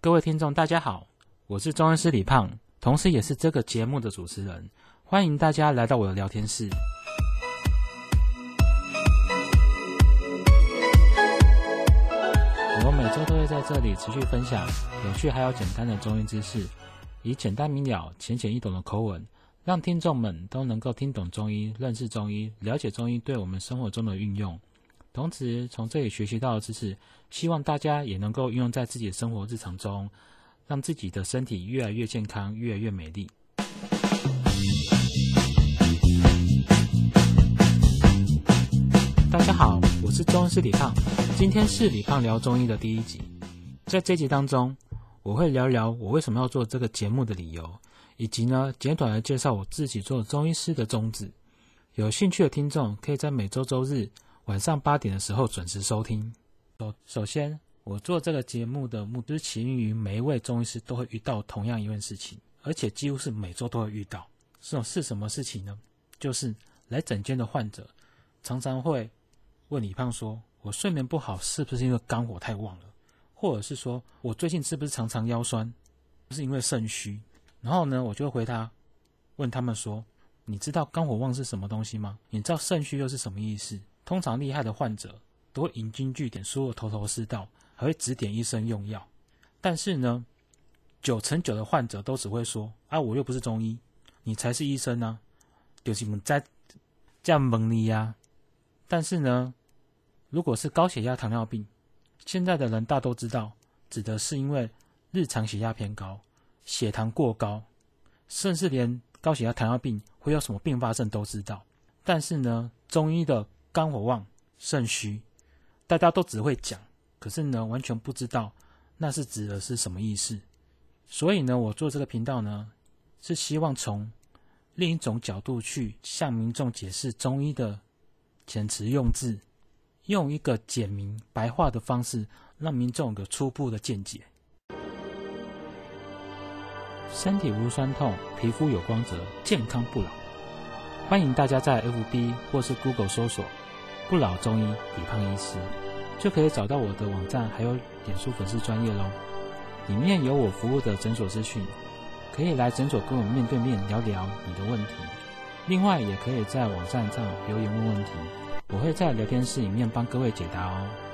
各位聽眾，大家好，我是中醫師李胖，同時也是這個節目的主持人。歡迎大家來到我的聊天室。我每周都會在這裡持續分享有趣還有簡單的中醫知識，以簡單明了、淺顯易懂的口吻，讓聽眾們都能夠聽懂中醫、認識中醫、了解中醫對我們生活中的運用。同時，從這裡學習到的知識，希望大家也能夠運用在自己的生活日常中，讓自己的身體越來越健康，越來越美麗。大家好，我是中醫師李胖，今天是李胖聊中醫的第一集。在這集當中，我會聊聊我為什麼要做這個節目的理由，以及呢，簡短的介紹我自己做中醫師的宗旨。有興趣的聽眾，可以在每周周日。晚上八點的時候準時收聽。首首先，我做這個節目的目的是起因於每一位中醫師都會遇到同樣一件事情，而且幾乎是每周都會遇到。這種是什麼事情呢？就是來診間的患者常常會問李胖說：“我睡眠不好，是不是因為肝火太旺了？”或者是說：“我最近是不是常常腰酸，是因為腎虛？”然後呢，我就回答問他們說：“你知道肝火旺是什麼東西嗎？你知道腎虛又是什麼意思？”通常厲害的患者都會引經據典，說的頭頭是道，還會指點醫生用藥。但是呢，九成九的患者都只會說：“啊，我又不是中醫，你才是醫生呢，啊，有什麼在這樣蒙你呀？”但是呢，如果是高血壓、糖尿病，現在的人大都知道，指的是因為日常血壓偏高、血糖過高，甚至連高血壓、糖尿病會有什麼併發症都知道。但是呢，中醫的。肝火旺、腎虛，大家都只會講，可是呢，完全不知道那是指的是什麼意思。所以呢，我做這個頻道呢，是希望從另一種角度去向民眾解釋中醫的遣詞用字，用一個簡明白話的方式，讓民眾有個初步的見解。身體無酸痛，皮膚有光澤，健康不老。歡迎大家在 FB 或是 Google 搜索，不老中醫李胖醫師，就可以找到我的網站，還有臉書粉絲專頁嘍。裡面有我服務的診所資訊，可以來診所跟我面對面聊聊你的問題。另外，也可以在網站上留言問問題，我會在聊天室裡面幫各位解答哦。